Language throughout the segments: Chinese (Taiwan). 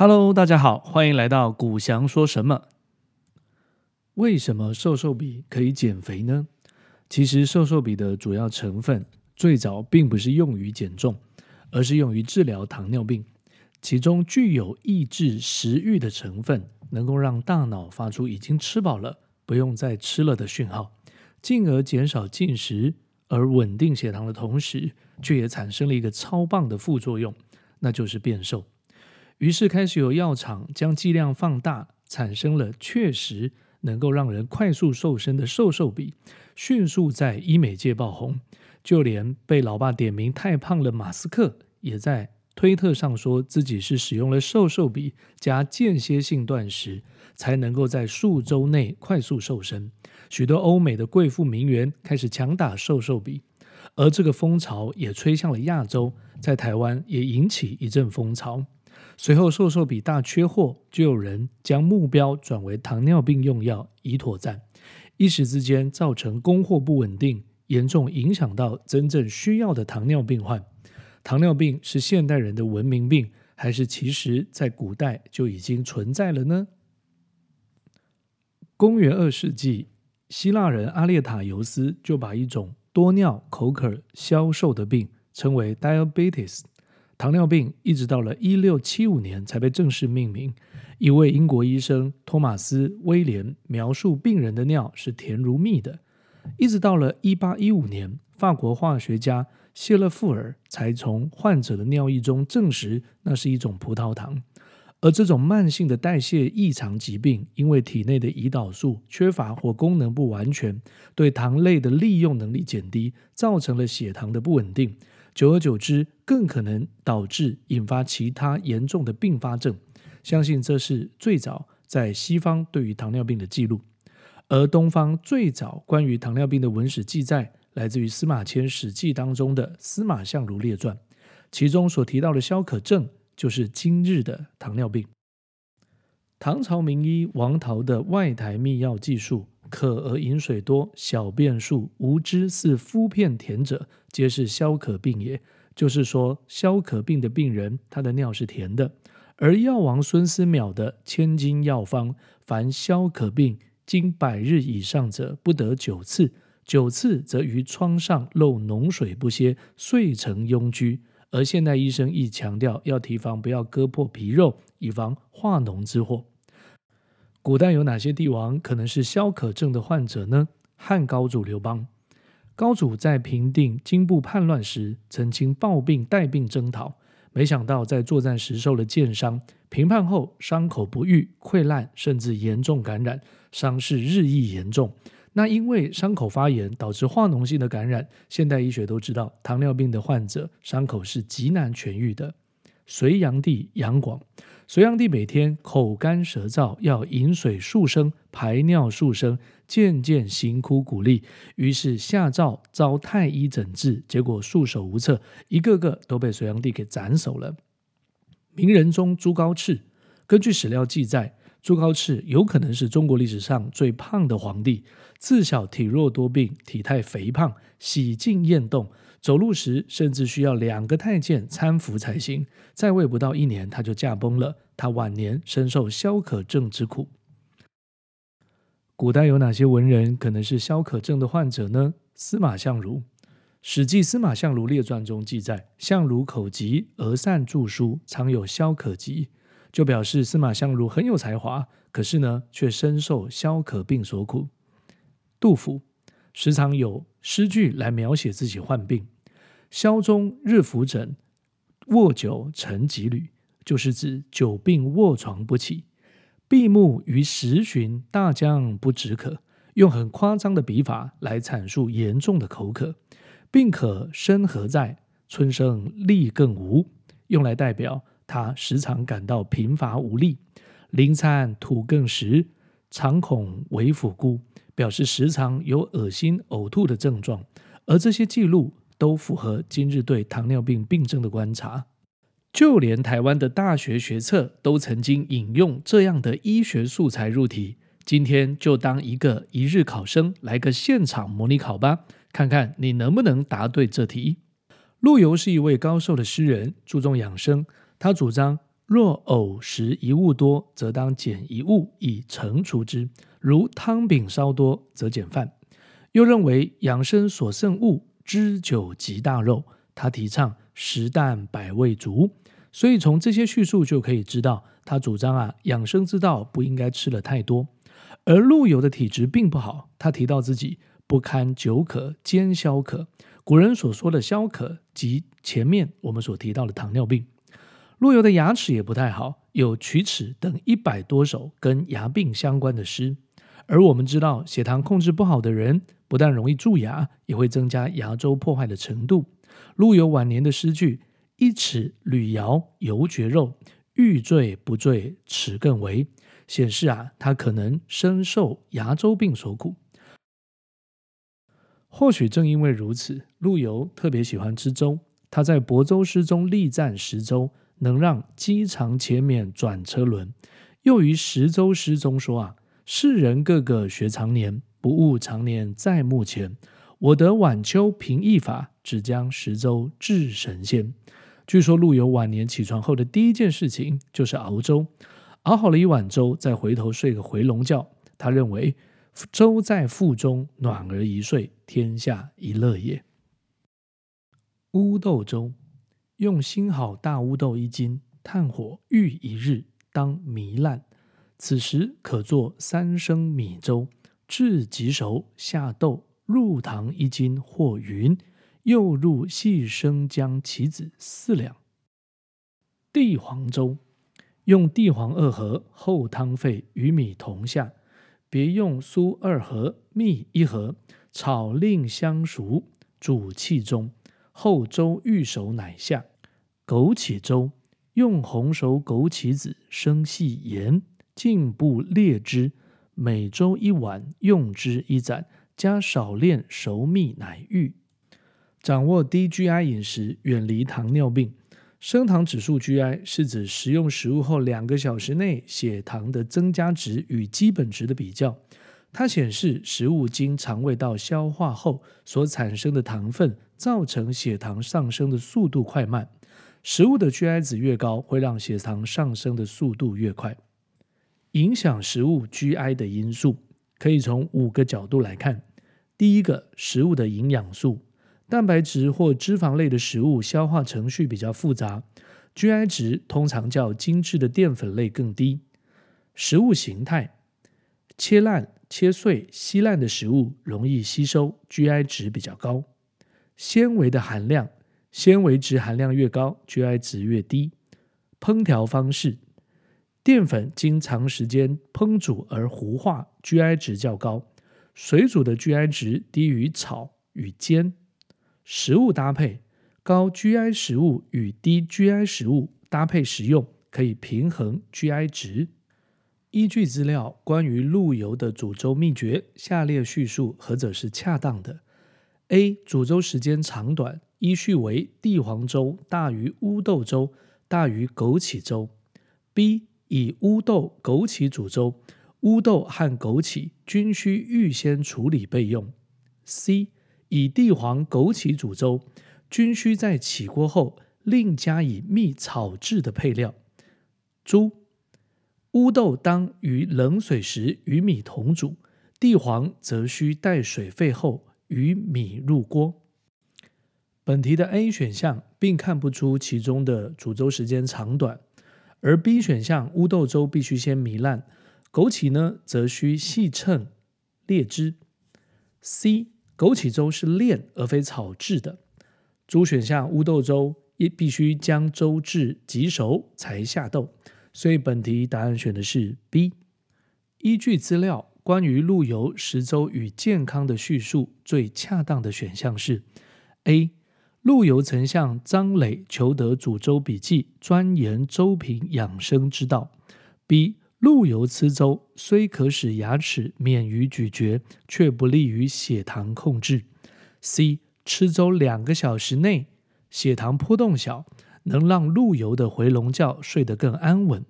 Hello，大家好，歡迎來到古翔說什麼？為什麼瘦瘦筆可以減肥呢？其實瘦瘦筆的主要成分最早並不是用於減重，而是用於治療糖尿病。其中具有抑制食慾的成分，能夠讓大腦發出已經吃飽了，不用再吃了的訊號，進而減少進食，而穩定血糖的同時，卻也產生了一個超棒的副作用，那就是變瘦。於是開始有藥廠將劑量放大，產生了確實能夠讓人快速瘦身的瘦瘦筆，迅速在醫美界爆紅。就連被老爸點名太胖的馬斯克也在推特上說自己是使用了瘦瘦筆加間歇性斷食，才能夠在數周內快速瘦身。許多歐美的貴婦名媛開始強打瘦瘦筆，而這個風潮也吹向了亞洲，在台灣也引起一陣風潮。隨後，瘦瘦筆大缺貨，就有人將目標轉為糖尿病用藥胰妥讚，一時之間造成供貨不穩定，嚴重影響到真正需要的糖尿病患。糖尿病是現代人的文明病，還是其實在古代就已經存在了呢？公元二世紀，希臘人阿列塔尤斯就把一種多尿、口渴、消瘦的病稱為 diabetes。糖尿病一直到了一六七五年才被正式命名。一位英國醫生托馬斯·威廉描述病人的尿是甜如蜜的。一直到了一八一五年，法國化學家謝勒富爾才從患者的尿液中證實那是一種葡萄糖。而這種慢性的代謝異常疾病，因為體內的胰島素缺乏或功能不完全，對糖類的利用能力減低，造成了血糖的不穩定。久而久之，更可能導致引發其他嚴重的併發症。相信這是最早在西方對於糖尿病的記錄，而東方最早關於糖尿病的文史記載，來自於司馬遷《史記》當中的《司馬相如列傳》，其中所提到的消渴症，就是今日的糖尿病。唐朝名醫王燾的《外台祕要》記述：渴而飲水多，小便數，無知似麩片甜者，皆是消渴病也。也就是說，消渴病的病人，他的尿是甜的。而藥王孫思邈的《千金藥方》凡可病：凡消渴病經百日以上者，不得灸刺。灸刺則於瘡上漏膿水不歇，遂成痈疽。而現代醫生亦強調要提防，不要割破皮肉，以防化膿之禍。古代有哪些帝王可能是消渴症的患者呢？漢高祖劉邦，高祖在平定黥布叛亂時，曾經暴病帶病征討，沒想到在作戰時受了箭傷，平叛後傷口不癒、潰爛，甚至嚴重感染，傷勢日益嚴重。那因為傷口發炎導致化膿性的感染，現代醫學都知道，糖尿病的患者傷口是極難痊癒的。隋煬帝楊廣，隋煬帝每天口乾舌燥，要飲水數升，排尿數升，漸漸形枯骨立，於是下詔召太醫診治，結果束手無策，一個個都被隋煬帝給斬首了。明仁宗，朱高熾，根據史料記載。朱高熾有可能是中國歷史上最胖的皇帝。自小體弱多病，體態肥胖，喜靜厭動，走路時甚至需要兩個太監攙扶才行。在位不到一年，他就駕崩了。他晚年深受消渴症之苦。古代有哪些文人可能是消渴症的患者呢？司馬相如，《史記·司馬相如列傳》中記載：“相如口疾而善著書，常有消渴疾。”就表示司馬相如很有才華，可是呢，卻深受消渴病所苦。杜甫時常有詩句來描寫自己患病，消中日伏枕，臥久成疾履，就是指久病臥床不起。閉目於十旬，大江不止渴，用很誇張的筆法來闡述嚴重的口渴。病渴身何在，春生力更無，用來代表。他時常感到疲乏無力，臨餐吐更食，常恐為腹孤，表示時常有惡心、嘔吐的症狀，而這些記錄都符合今日對糖尿病病症的觀察。就連台灣的大學學測都曾經引用這樣的醫學素材入題。今天就當一個一日考生，來個現場模擬考吧，看看你能不能答對這題。陸游是一位高壽的詩人，注重養生。他主張，若偶食一物多，則當減一物以乘除之，如湯餅稍多，則減飯。又認為養生所甚惡，旨酒及大肉。他提倡，食淡百味足，所以從這些敘述就可以知道，他主張啊養生之道不應該吃得太多。而陸游的體質並不好，他提到自己不堪酒渴兼消渴。古人所說的消渴，即前面我們所提到的糖尿病。陸游的牙齒也不太好，有齲齒等一百多首跟牙病相關的詩。而我們知道，血糖控制不好的人，不但容易蛀牙，也會增加牙周破壞的程度。陸游晚年的詩句“一齒屢搖猶嚼肉，欲墜不墜齒更為”，顯示啊，他可能深受牙周病所苦。或許正因為如此，陸游特別喜歡吃粥。他在《亳州詩》中力讚食粥。能讓雞腸且免轉車輪，又於食粥詩中說啊，世人個個學長年，不悟長年在目前。我得宛丘平易法，只將食粥致神仙。據說陸游晚年起床後的第一件事情就是熬粥，熬好了一碗粥，再回頭睡個回籠覺。他認為粥在腹中暖而一睡，天下一樂也。烏豆粥。用新好大烏豆一斤，炭火浴一日，當糜爛。此時可做三升米粥，至極熟，下豆，入糖一斤或勻，又入細生薑杞子四兩。地黃粥，用地黃二合，後湯沸，與米同下，別用苏二合，蜜一合，炒令相熟，煮氣中，後粥遇熟乃下。枸杞粥，用紅熟枸杞子、生細鹽，進步列汁，每周一碗，用之一盞，加少煉熟蜜奶浴。掌握低 GI 飲食，遠離糖尿病。升糖指數 GI 是指食用食物後兩個小時內血糖的增加值與基本值的比較，它顯示食物經腸胃道消化後所產生的糖分造成血糖上升的速度快慢。食物的 GI 值越高，會讓血糖上升的速度越快。影響食物 GI 的因素可以從五個角度來看。第一個，食物的營養素，蛋白質或脂肪類的食物消化程序比較複雜，GI 值通常較精緻的澱粉類更低。食物形態，切爛、切碎、稀爛的食物容易吸收，GI 值比較高。纖維的含量。纖維質含量越高，GI 值越低。烹調方式：澱粉經長時間烹煮而糊化，GI 值較高；水煮的 GI 值低於炒與煎。食物搭配：高 GI 食物與低 GI 食物搭配食用，可以平衡 GI 值。依據資料，關於陸游的煮粥祕訣，下列敘述何者是恰當的：A. 煮粥時間長短。依序為地黃粥大於烏豆粥大於枸杞粥。B 以烏豆、枸杞煮粥，烏豆和枸杞均需預先處理備用。C 以地黃、枸杞煮粥，均需在起鍋後另加以蜜炒制的配料。注：烏豆當於冷水時與米同煮，地黃則需待水沸後與米入鍋。本題的 A 選項並看不出其中的煮粥時間長短，而 B 選項烏豆粥必須先糜爛，枸杞呢則需細稱裂汁。C 枸杞粥是煉而非炒制的。D 選項烏豆粥也必須將粥至極熟才下豆。所以本題答案選的是 B。依據資料關於陸游食粥與健康的敘述，最恰當的選項是 A。陸游曾向張耒求得煮粥筆記，專研粥品養生之道。B. 陸游吃粥雖可使牙齒免於咀嚼，卻不利於血糖控制。C. 吃粥兩個小時內血糖波動小，能讓陸游的回籠覺睡得更安穩。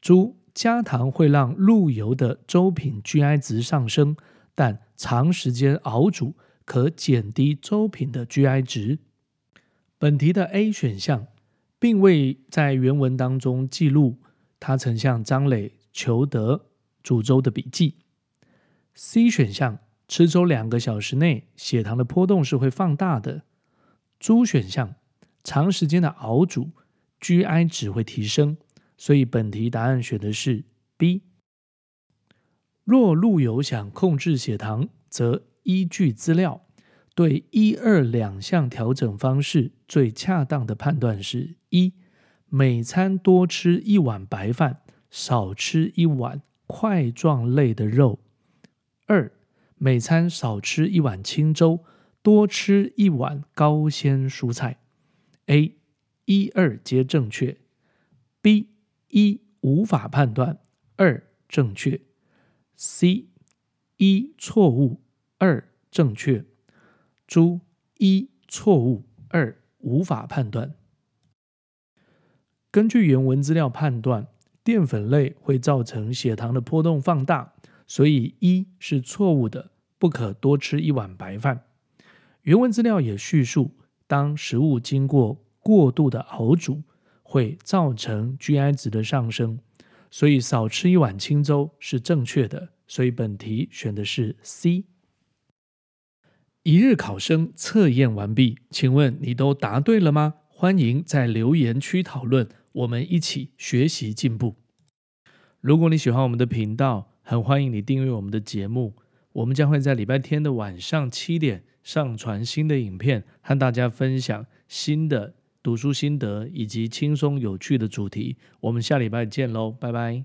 D. 加糖會讓陸游的粥品 GI 值上升，但長時間熬煮。可減低粥品的 GI 值。本題的 A 選項並未在原文當中記錄，他曾向張耒求得煮粥的筆記。C 選項吃粥兩個小時內，血糖的波動是會放大的。D 選項長時間的熬煮 GI 值會提升，所以本題答案選的是 B。若陸游想控制血糖，則依據資料，對一二兩項調整方式最恰當的判斷是：一，每餐多吃一碗白飯，少吃一碗塊狀類的肉；二，每餐少吃一碗清粥，多吃一碗高纖蔬菜。A、一二皆正確；B、一無法判斷，二正確；C、一錯誤。二正確，豬一錯誤，二無法判斷。根據原文資料判斷，澱粉類會造成血糖的波動放大，所以一是錯誤的，不可多吃一碗白飯。原文資料也敘述，當食物經過過度的熬煮，會造成 GI 值的上升，所以少吃一碗清粥是正確的。所以本題選的是 C。一日考生測驗完畢，請問你都答對了嗎？歡迎在留言區討論，我們一起學習進步。如果你喜歡我們的頻道，很歡迎你訂閱我們的節目。我們將會在禮拜天的晚上七點上傳新的影片，和大家分享新的讀書心得以及輕鬆有趣的主題。我們下禮拜見嘍，拜拜。